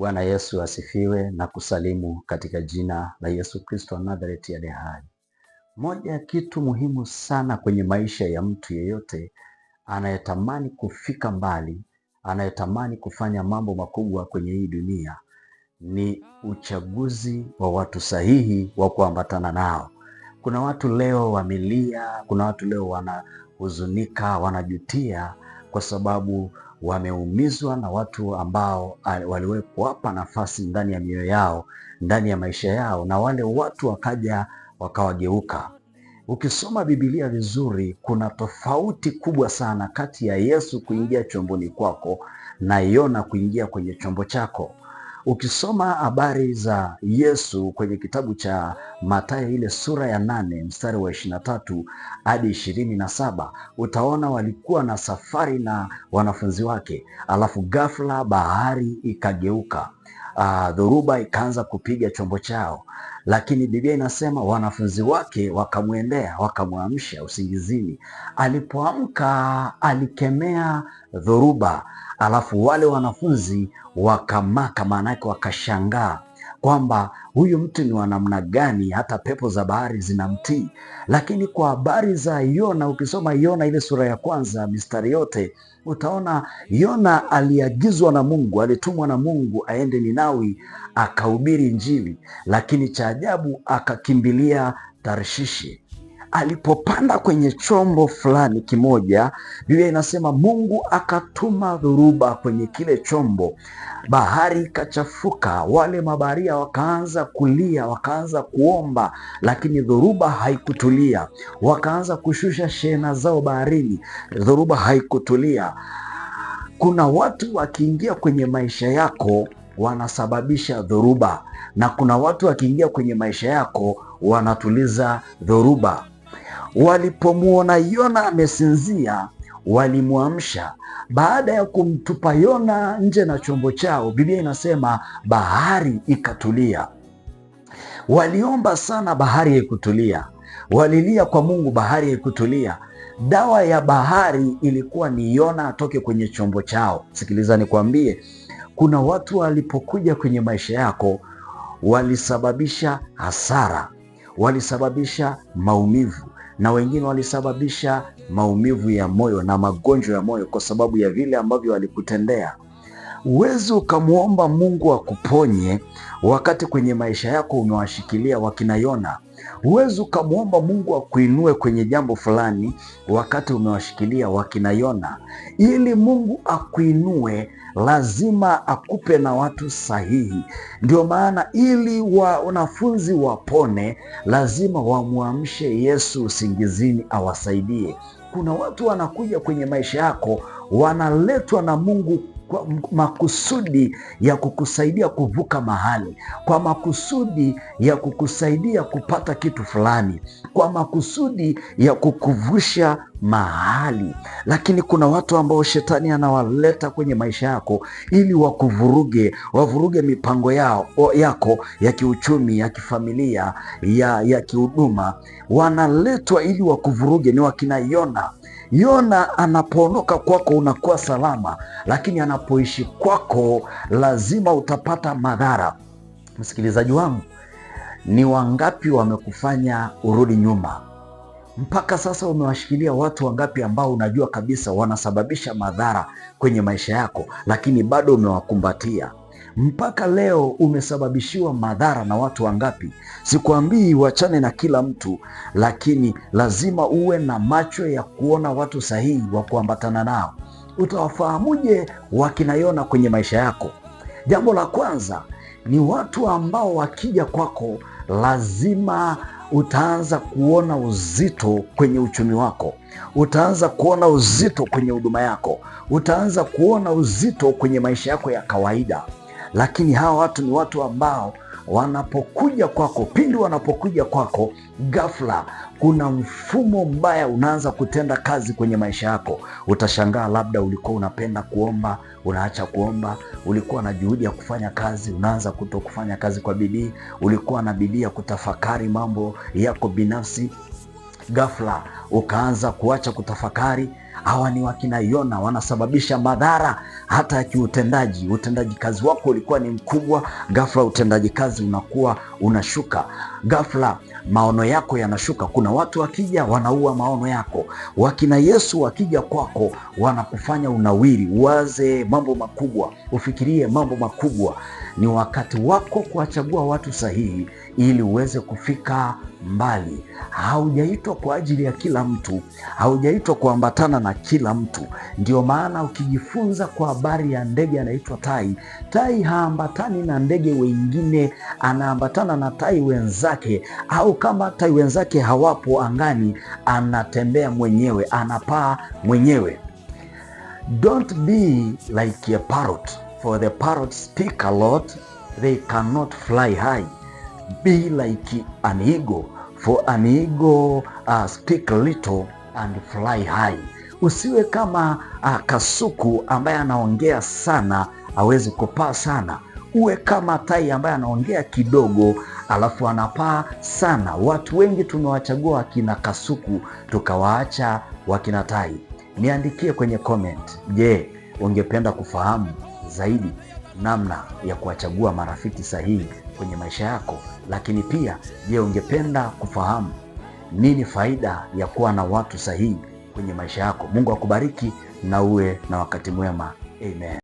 Bwana Yesu asifiwe na kusalimu katika jina la Yesu Kristo wa Nazareti aliye hai. Moja ya kitu muhimu sana kwenye maisha ya mtu yeyote anayetamani kufika mbali, anayetamani kufanya mambo makubwa kwenye hii dunia ni uchaguzi wa watu sahihi wa kuambatana nao. Kuna watu leo wamelia, kuna watu leo wanahuzunika, wanajutia kwa sababu wameumizwa na watu ambao waliwapa nafasi ndani ya mioyo yao, ndani ya maisha yao, na wale watu wakaja wakawageuka. Ukisoma Biblia vizuri, kuna tofauti kubwa sana kati ya Yesu kuingia chomboni kwako na Yona kuingia kwenye chombo chako. Ukisoma habari za Yesu kwenye kitabu cha Mathayo ile sura ya nane mstari wa ishirina tatu hadi ishirini na saba utaona walikuwa na safari na wanafunzi wake, alafu ghafla bahari ikageuka, uh, dhoruba ikaanza kupiga chombo chao, lakini Biblia inasema wanafunzi wake wakamwendea, wakamwamsha usingizini. Alipoamka alikemea dhoruba alafu wale wanafunzi wakamaka, maana yake wakashangaa kwamba huyu mtu ni wa namna gani, hata pepo za bahari zinamtii. Lakini kwa habari za Yona, ukisoma Yona ile sura ya kwanza mistari yote utaona Yona aliagizwa na Mungu, alitumwa na Mungu aende Ninawi akahubiri Injili, lakini cha ajabu akakimbilia Tarshishi alipopanda kwenye chombo fulani kimoja, Biblia inasema Mungu akatuma dhoruba kwenye kile chombo, bahari ikachafuka, wale mabaharia wakaanza kulia, wakaanza kuomba, lakini dhoruba haikutulia. Wakaanza kushusha shehena zao baharini, dhoruba haikutulia. Kuna watu wakiingia kwenye maisha yako wanasababisha dhoruba, na kuna watu wakiingia kwenye maisha yako wanatuliza dhoruba. Walipomwona Yona amesinzia, walimwamsha. Baada ya kumtupa Yona nje na chombo chao, Biblia inasema bahari ikatulia. Waliomba sana, bahari haikutulia. Walilia kwa Mungu, bahari haikutulia. Dawa ya bahari ilikuwa ni Yona atoke kwenye chombo chao. Sikiliza nikwambie, kuna watu walipokuja kwenye maisha yako walisababisha hasara, walisababisha maumivu, na wengine walisababisha maumivu ya moyo na magonjwa ya moyo kwa sababu ya vile ambavyo walikutendea. Huwezi ukamwomba Mungu akuponye wakati kwenye maisha yako umewashikilia wakina Yona. Huwezi ukamwomba Mungu akuinue kwenye jambo fulani wakati umewashikilia wakina Yona. Ili Mungu akuinue, lazima akupe na watu sahihi. Ndio maana ili wanafunzi wapone, lazima wamwamshe Yesu usingizini awasaidie. Kuna watu wanakuja kwenye maisha yako wanaletwa na Mungu kwa makusudi ya kukusaidia kuvuka mahali, kwa makusudi ya kukusaidia kupata kitu fulani, kwa makusudi ya kukuvusha mahali. Lakini kuna watu ambao shetani anawaleta kwenye maisha yako ili wakuvuruge, wavuruge mipango yao, yako ya kiuchumi, ya kifamilia, ya, ya kihuduma. Wanaletwa ili wakuvuruge, ni wakina Yona Yona anapoondoka kwako unakuwa salama, lakini anapoishi kwako lazima utapata madhara. Msikilizaji wangu, ni wangapi wamekufanya urudi nyuma? Mpaka sasa umewashikilia watu wangapi ambao unajua kabisa wanasababisha madhara kwenye maisha yako, lakini bado umewakumbatia? mpaka leo umesababishiwa madhara na watu wangapi? sikuambii uachane na kila mtu, lakini lazima uwe na macho ya kuona watu sahihi wa kuambatana nao. Utawafahamuje wakinayona kwenye maisha yako? Jambo la kwanza ni watu ambao wakija kwako, lazima utaanza kuona uzito kwenye uchumi wako, utaanza kuona uzito kwenye huduma yako, utaanza kuona uzito kwenye maisha yako ya kawaida lakini hawa watu ni watu ambao wanapokuja kwako, pindi wanapokuja kwako ghafla, kuna mfumo mbaya unaanza kutenda kazi kwenye maisha yako. Utashangaa, labda ulikuwa unapenda kuomba, unaacha kuomba. Ulikuwa na juhudi ya kufanya kazi, unaanza kuto kufanya kazi kwa bidii. Ulikuwa na bidii ya kutafakari mambo yako binafsi, ghafla ukaanza kuacha kutafakari, hawa ni wakina Yona, wanasababisha madhara hata ya kiutendaji. Utendaji kazi wako ulikuwa ni mkubwa, ghafla utendaji kazi unakuwa unashuka, ghafla maono yako yanashuka. Kuna watu wakija wanaua maono yako. Wakina Yesu wakija kwako, wanakufanya unawiri, uwaze mambo makubwa, ufikirie mambo makubwa. Ni wakati wako kuwachagua watu sahihi ili uweze kufika mbali. Haujaitwa kwa ajili ya kila mtu, haujaitwa kuambatana na kila mtu. Ndio maana ukijifunza kwa habari ya ndege anaitwa tai, tai haambatani na ndege wengine, anaambatana na tai wenzake, au kama tai wenzake hawapo angani, anatembea mwenyewe, anapaa mwenyewe. Don't be like a parrot, for the parrots speak a lot, they cannot fly high. Be like an eagle, for an eagle uh, speak little and fly high. Usiwe kama uh, kasuku ambaye anaongea sana awezi kupaa sana. Uwe kama tai ambaye anaongea kidogo alafu anapaa sana. Watu wengi tumewachagua wakina kasuku tukawaacha wakina tai. Niandikie kwenye comment, je, ungependa kufahamu zaidi namna ya kuwachagua marafiki sahihi kwenye maisha yako, lakini pia je, ungependa kufahamu nini faida ya kuwa na watu sahihi kwenye maisha yako? Mungu akubariki na uwe na wakati mwema. Amen.